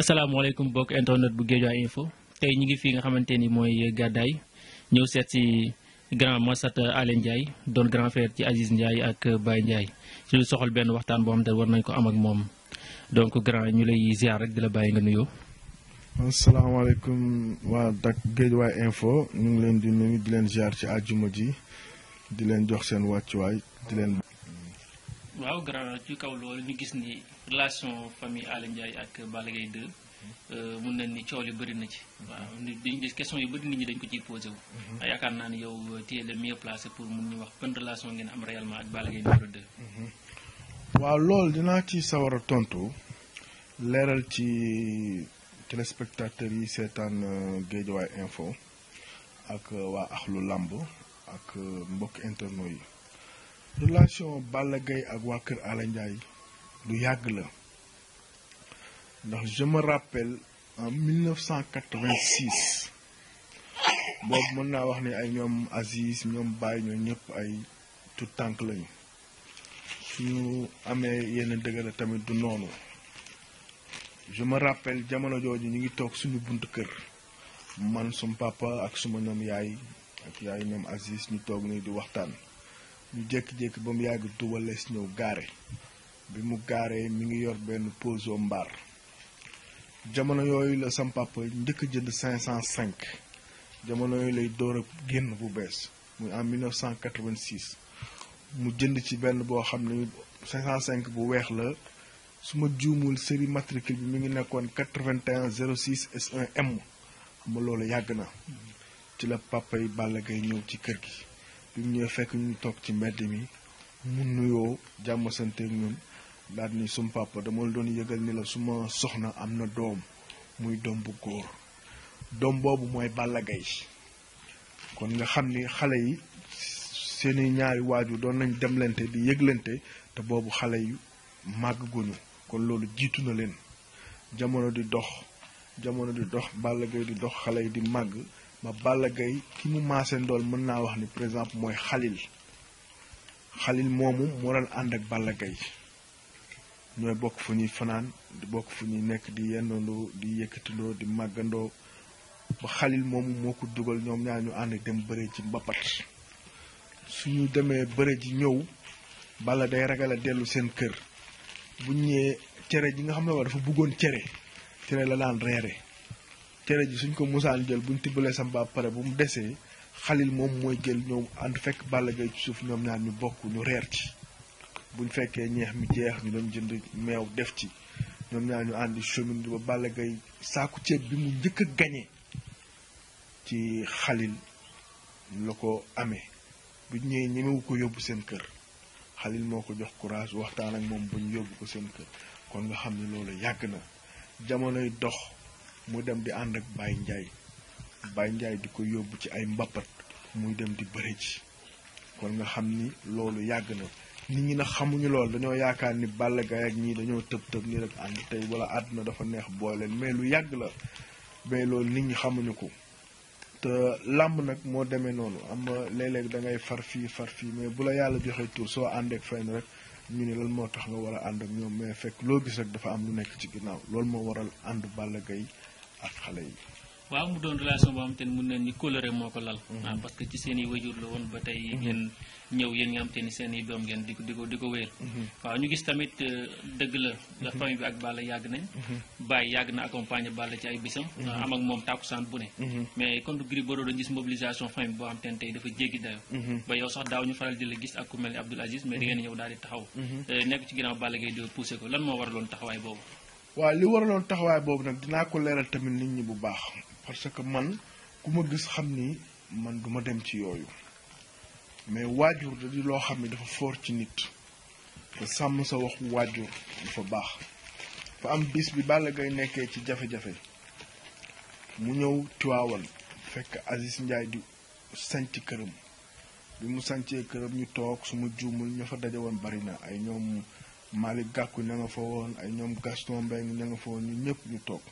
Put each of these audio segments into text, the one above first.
asalaamaaleykum bokk internet bu Guédiawaye info tey ñu ngi fi nga xamante ni mooy gàddaay ñëw seet si grand Massata Alé Ndiaye doon grand frère ci Aziz Ndiaye ak Baye Ndiaye ci lu soxal benn waxtaan boo am ne war nañ ko am ak moom donc grand ñu lay ziar di la bàyyi nga nuyoo. asalaamaaleykum waa dak ñu ngi leen di nuyu di leen ziar ci àjjuma ji di leen jox seen wàccuwaay waaw grand ci kaw loolu ñu gis ni relation famille Aly Ndiaye ak Balla Gaye 2 euh, mun nañ ni coow yu bëri na ci. waaw dañu gis question yu bëri nit ñi dañ ko ci posé wu. Mhm. Ah, yaakaar naa yow euh, tu es le pour mun ñu wax ban relation ngeen am réellement ak Balla Gaye numéro 2. Mhm. waaw loolu dinaa ci sawara tontu leeral ci téléspectateurs yi seetaan euh, Guédiawaye info ak waa axlu làmb ak mbokk internet yi. relation Balla Gaye ak waa kër Alla lu yàgg la ndax je me rappelle en 1986 boobu mën naa wax ni ay ñoom Aziz ñoom Baye ñoo ñëpp ay tout tànk lañu suñu amee yenn dëgëra tamit du noonu je me rappelle jamono jooju ñu ngi toog suñu buntu kër man sum papa ak suma ñoom yaay ak yaay ñoom Aziz ñu toog nii di waxtaan ñu jékki-jékki ba mu yàgg tubalees ñëw gaare bi mu gaaree mi ngi yor benn poso mbaar jamono yooyu la sam papa njëkk jënd 505 jamono yooyu lay door a génn bu bees muy en 1986 mu jënd ci benn boo xam ne 505 bu weex la su ma juumul série matricule bi mi ngi nekkoon 81 06 S1 M xam yàgg na ci la papa yi Balla ñëw ci kër gi. bi mu ñëwee fekk ñu toog ci mbedd mi mu nuyoo jàmm santeeg ñun daal ni sum papa dama la doon yëgal ni la suma soxna am na doom muy doom bu góor doom boobu mooy Balla Gaye kon nga xam ni xale yi seeni ñaari waajur doon nañ demlante di yëglante te boobu xale yi màgg guñu kon loolu jiitu na leen jamono di dox jamono di dox Balla Gaye di dox xale yi di màgg ma Balla Gaye ki mu maase ndool mën naa wax ni par exemple mooy xalil xalil moomu moo doon ànd ak Balla Gaye ñooy bokk fu ñuy fanaan di bokk fu ñuy nekk di yendandoo di yëkkatandoo di màggandoo ba xalil moomu moo ko dugal ñoom ñaar ñu ànd dem bëre ji mbapat suñu demee bëre ji ñëw bala day ragal a dellu seen kër bu ñëwee cere ji nga xam ne waa dafa buggoon cere cere la daan reere cere ji suñ ko musaan jël buñ tibbalee sam ba pare bu mu desee xalil moom mooy jël ñoom ànd fekk Balla Gaye ci suuf ñoom ñaan ñu bokk ñu reer ci buñ fekkee ñeex mi jeex ñu dem jënd meew def ci ñoom ñaar ñu àndi chemin ba Balla Gaye saaku ceeb bi mu njëkk a gañe ci xalil la ko amee bu ñëwee ñemewu ko yóbbu seen kër xalil moo ko jox courage waxtaan ak moom buñ yóbbu ko seen kër kon nga xam ni loolu yàgg na jamonoy dox mu dem di andek ak Baye Baye di ko yóbbu ci ay mbappat muy dem di bëre ci kon nga xamni lolu loolu yàgg na nit ñi nag xamuñu lool dañoo yaakaar ni Balla gay ak ñi dañoo tëb tëb nii rek and tay wala aduna dafa neex booleen mais lu yag la mais loolu nit ñi xamuñu ko te lamb nak mo demee noonu am léeg-léeg da ngay far fi far fi mais bu la yàlla tour so soo ak fenn rek ñu ni lan mo tax nga wara and ak ñom mais fekk lo gis rek dafa am lu nekk ci ginnaaw loolu mo waral and Balla ak xale yi. waaw mu doon relation boo xam te ne mun nañ ni moo ko lal. Mm-hmm. ah parce que ci seen i wajur la woon ba tey ngeen ñëw yéen nga xam te doom ngeen di ko di ko di mm-hmm. waaw ñu gis tamit euh, dëgg la. Mm-hmm. la bi ak Balla yàgg nañ. Baye yàgg na accompagner Balla ci ay bisam. Ah, am ak moom tàkkusaan bu ne. mais contre Gris Bordeaux dañu gis mobilisation famille boo xam te tey dafa jéggi dayo ba yow sax daaw ñu faral di gis ak ku mel ni Aziz mais di ñëw daal di waaw li waraloon taxawaay boobu nag dinaa ko leeral tamit nit ñi bu baax parce que man ku ma gis xam ni man duma dem ci yooyu mais waajur da di loo xam ne dafa foor ci nit te sàmm sa waxu waajur dafa baax fa am bis bi Balla Gaye nekkee ci jafe-jafe mu ñëw Tiwaawan fekk Aziz Ndiaye di sanc këram bi mu sancee këram ñu toog suma juumul ñu fa daje woon bari na ay ñoom mali Gakou ña nga fa woon ay ñoom Gaston Mbengue ña nga fa woon ñu ñëpp ñu toog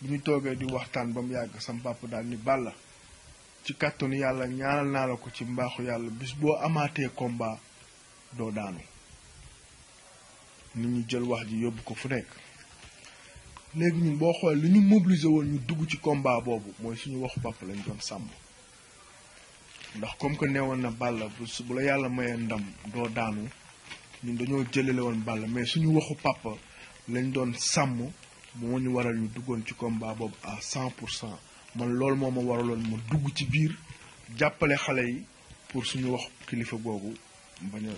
bu ñu toogee di waxtaan ba yàgg sam bàpp daal ni Balla ci kàttanu yàlla ñaanal naa la ko ci mbaaxu yàlla bis boo amaatee komba doo daanu nit ñu jël wax ji yóbbu ko fu nekk léegi ñun boo xool li ñu mobiliser woon ñu dugg ci komba boobu mooy suñu waxu papa lañ doon sàmm ndax comme que neewoon na Balla bu la yàlla mayee ndam doo daanu ñu dañoo jëlale woon Balla mais suñu waxu papa lañu doon sàmm moo ñu waral ñu duggoon ci komba boobu à cent pour cent man lool moo ma waraloon ma dugg ci biir jàppale xale yi pour suñu wax kilifa googu bañ a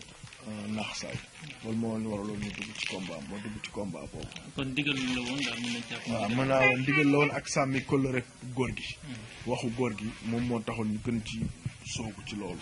euh, naax saay loolu moo ñu waraloon ñu dugg ci combat moo dugg ci combat boobu. kon ndigal la woon daal mën waaw mën naa woon ndigal la woon ak sàmmi kóllëre góor gi. Hmm. waxu góor gi moom moo taxoon ñu gën ci soogu ci loolu.